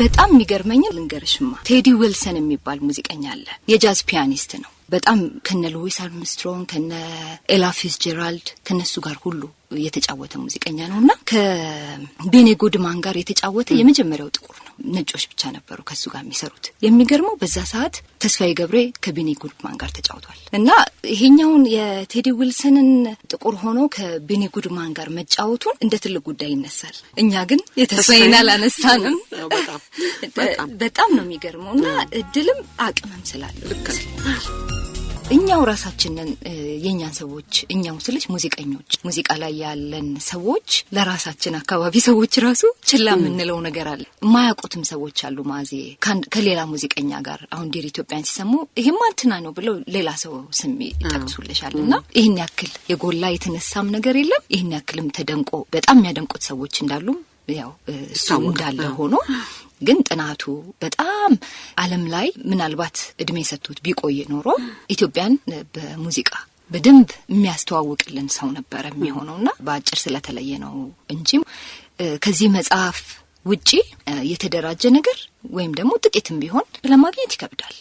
በጣም የሚገርመኝ ልንገርሽማ፣ ቴዲ ዊልሰን የሚባል ሙዚቀኛ አለ። የጃዝ ፒያኒስት ነው። በጣም ከነ ሉዊስ አርምስትሮን ከነ ኤላ ፊትዝጄራልድ ከነሱ ጋር ሁሉ የተጫወተ ሙዚቀኛ ነው እና ከቤኔ ጎድማን ጋር የተጫወተ የመጀመሪያው ጥቁር ነው። ነጮች ብቻ ነበሩ ከሱ ጋር የሚሰሩት። የሚገርመው በዛ ሰዓት ተስፋዬ ገብሬ ከቤኔ ጉድማን ጋር ተጫውቷል እና ይሄኛውን የቴዲ ዊልሰንን ጥቁር ሆኖ ከቤኔ ጉድማን ጋር መጫወቱን እንደ ትልቅ ጉዳይ ይነሳል። እኛ ግን የተስፋዬን አላነሳንም። በጣም ነው የሚገርመው እና እድልም አቅምም ስላለው እኛው ራሳችንን የእኛን ሰዎች እኛው ስልች ሙዚቀኞች ሙዚቃ ላይ ያለን ሰዎች ለራሳችን አካባቢ ሰዎች ራሱ ችላ የምንለው ነገር አለ። የማያውቁትም ሰዎች አሉ። ማዜ ከሌላ ሙዚቀኛ ጋር አሁን ዲር ኢትዮጵያን ሲሰሙ ይሄማ እንትና ነው ብለው ሌላ ሰው ስም ይጠቅሱልሻል። እና ይህን ያክል የጎላ የተነሳም ነገር የለም። ይህን ያክልም ተደንቆ በጣም የሚያደንቁት ሰዎች እንዳሉ ያው እሱ እንዳለ ሆኖ ግን ጥናቱ በጣም አለም ላይ ምናልባት እድሜ ሰጥቶት ቢቆይ ኖሮ ኢትዮጵያን በሙዚቃ በደንብ የሚያስተዋውቅልን ሰው ነበረ የሚሆነውና በአጭር ስለተለየ ነው እንጂ ከዚህ መጽሐፍ ውጪ የተደራጀ ነገር ወይም ደግሞ ጥቂትም ቢሆን ለማግኘት ይከብዳል።